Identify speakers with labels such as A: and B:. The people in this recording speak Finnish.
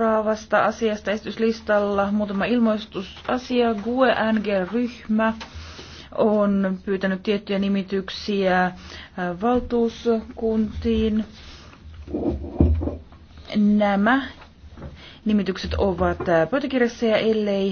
A: Seuraavasta asiasta esityslistalla muutama ilmoistusasia. GUE-NG-ryhmä on pyytänyt tiettyjä nimityksiä äh, valtuuskuntiin. Nämä
B: nimitykset ovat äh, pöytäkirjassa ja ellei